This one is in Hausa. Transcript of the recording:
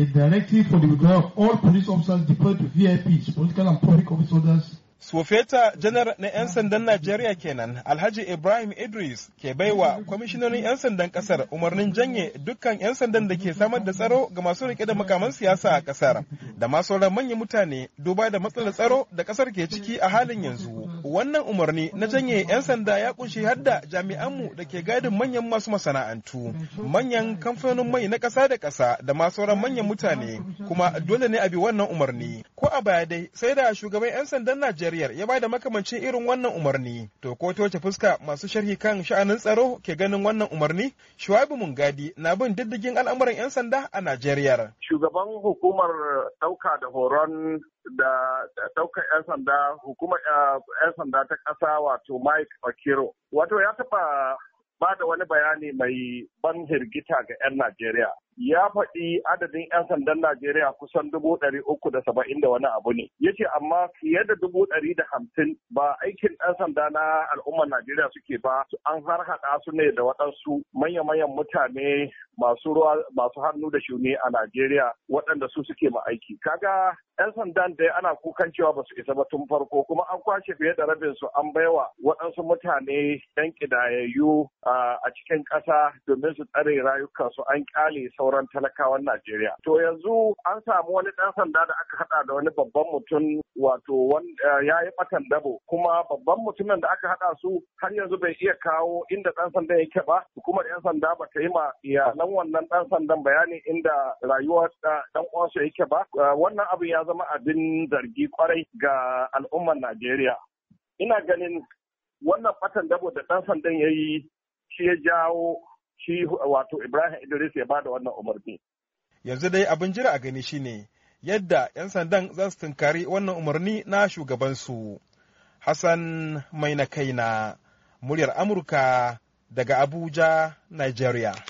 a directive for the withdrawal of all police officers deployed to VIPs, political and public office Sofeta janar na 'yan sandan Najeriya kenan Alhaji Ibrahim Idris ke baiwa kwamishinonin 'yan sandan kasar umarnin janye dukkan 'yan sandan da ke samar da tsaro ga masu rike da makaman siyasa a kasar da ma sauran manyan mutane duba da matsalar tsaro da kasar ke ciki a halin yanzu wannan umarni na janye 'yan sanda ya kunshi hadda jami'anmu da ke gadin manyan masu masana'antu manyan kamfanonin mai na ƙasa da ƙasa da ma sauran manyan mutane kuma dole ne a bi wannan umarni ko a baya dai sai da shugaban 'yan sandan Najeriya ya ba da makamancin irin wannan umarni. To ko wace fuska masu sharhi kan sha'anin tsaro ke ganin wannan umarni? Shuaibu Mungadi na bin diddigin al'amuran 'yan sanda a Najeriya. Shugaban hukumar ɗauka da horon da ɗaukar 'yan sanda hukumar 'yan eh, sanda ta ƙasa wato Mike Okiro. Wato ya taɓa ba da wani bayani mai ban hirgita ga 'yan Najeriya. ya faɗi adadin 'yan sandan Najeriya kusan dubu ɗari uku da saba'in da wani abu ne. Ya ce amma fiye da dubu ɗari da hamsin ba aikin 'yan sanda na al'ummar Najeriya suke ba an harhaɗa su ne da waɗansu manya-manyan mutane masu ruwa masu hannu da shuni a Najeriya waɗanda su suke ma aiki. Kaga 'yan sandan dai ana kukan cewa ba su isa ba tun farko kuma an kwashe fiye da rabin su an baiwa waɗansu mutane 'yan ƙidayayyu a cikin ƙasa domin su tsare rayukansu an ƙyale sauran talakawan Najeriya. To yanzu an samu wani ɗan sanda da aka haɗa da wani babban mutum wato eh, ya yi ɓatan dabo kuma babban mutumin da aka haɗa su har yanzu bai iya kawo inda ɗan sanda yake ba kuma ɗan sanda ba ta yi ma iyalan wannan ɗan sandan bayani inda rayuwar eh, ɗan uwansu yake ba eh, wannan abin ya zama abin zargi kwarai ga al'ummar Najeriya. Ina ganin wannan ɓatan dabo da ɗan sandan ya yi shi ya jawo shi wato Ibrahim Idris ya bada wannan umarni. Yanzu dai abin jira a gani shine yadda 'yan sandan za su tunkari wannan umarni na shugabansu. Hassan Mai na kaina, muryar Amurka daga Abuja, Nigeria.